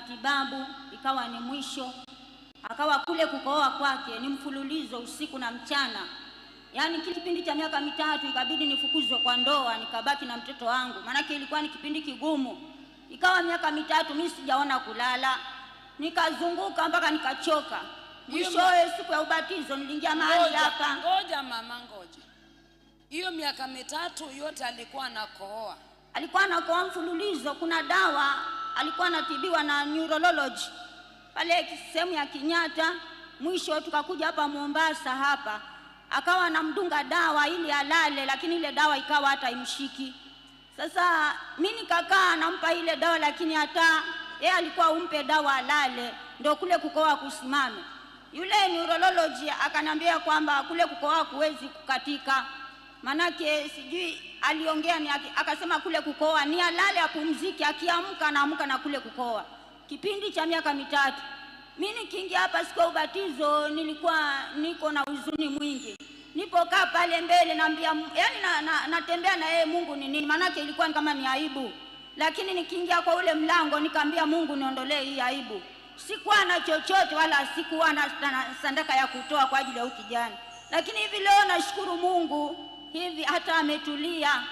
matibabu, ikawa ni mwisho. Akawa kule kukooa kwake ni mfululizo usiku na mchana, yaani kipindi cha miaka mitatu, ikabidi nifukuzwe kwa ndoa, nikabaki na mtoto wangu, maanake ilikuwa ni kipindi kigumu. Ikawa miaka mitatu mimi sijaona kulala, nikazunguka mpaka nikachoka. Mwishowe siku ya ubatizo niliingia mahali hapa. Ngoja mama, ngoja hiyo miaka mitatu yote alikuwa anakooa, alikuwa anakohoa mfululizo. Kuna dawa alikuwa anatibiwa na neurology pale sehemu ya Kinyata, Mwisho tukakuja hapa Mombasa hapa, akawa anamdunga dawa ili alale, lakini ile dawa ikawa hata imshiki. Sasa mimi nikakaa nampa ile dawa, lakini hata yeye alikuwa umpe dawa alale, ndio kule kukoa kusimame. Yule neurology akaniambia kwamba kule kukoa kuwezi kukatika Manake sijui aliongea ni aki, akasema kule kukoa ni alale apumzike, akiamka naamka na kule kukoa. Kipindi cha miaka mitatu mimi nikiingia hapa siku ya ubatizo nilikuwa niko na huzuni mwingi, nipokaa pale mbele naambia, yani na, na, natembea na yeye Mungu ni nini, manake ilikuwa kama ni aibu, lakini nikiingia kwa ule mlango nikaambia Mungu niondolee hii aibu. Sikuwa na chochote wala sikuwa na, na, na sandaka ya kutoa kwa ajili ya huyu kijana, lakini hivi leo nashukuru Mungu hivi hata ametulia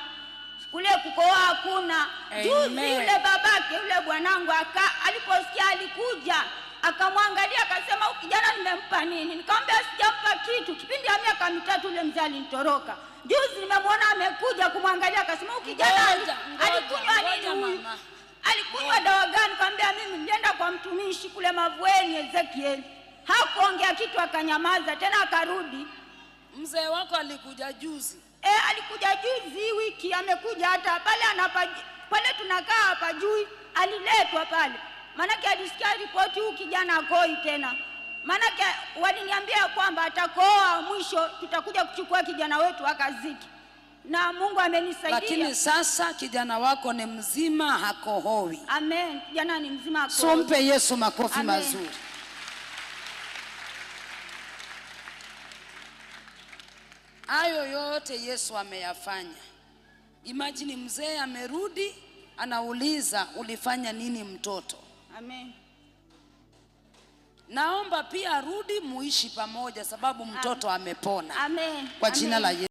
kule kukoa hakuna. Juzi yule babake yule bwanangu aka aliposikia alikuja akamwangalia akasema, kijana nimempa nini? Nikamwambia sijampa kitu. Kipindi ya miaka mitatu yule mzee alinitoroka. Juzi nimemwona amekuja kumwangalia, akasema, kijana alikunywa nini huyu? Alikunywa dawa gani? Nikamwambia mimi nienda kwa mtumishi kule Mavueni Ezekiel. Hakuongea kitu, akanyamaza. Tena akarudi. Mzee wako alikuja juzi E, alikuja juzi wiki, amekuja hata pale anapa pale tunakaa hapa juu, aliletwa pale, maanake alisikia ripoti huu kijana akoi tena, maanake waliniambia kwamba atakooa mwisho, tutakuja kuchukua kijana wetu akaziki, na Mungu amenisaidia. Lakini sasa kijana wako ni mzima, hakohoi. Amen, kijana ni mzima, hakohoi. Sompe Yesu makofi Amen. mazuri. Hayo yote Yesu ameyafanya. Imagine mzee amerudi anauliza ulifanya nini mtoto? Amen. Naomba pia arudi muishi pamoja sababu mtoto amepona. Amen. Kwa jina la Yesu.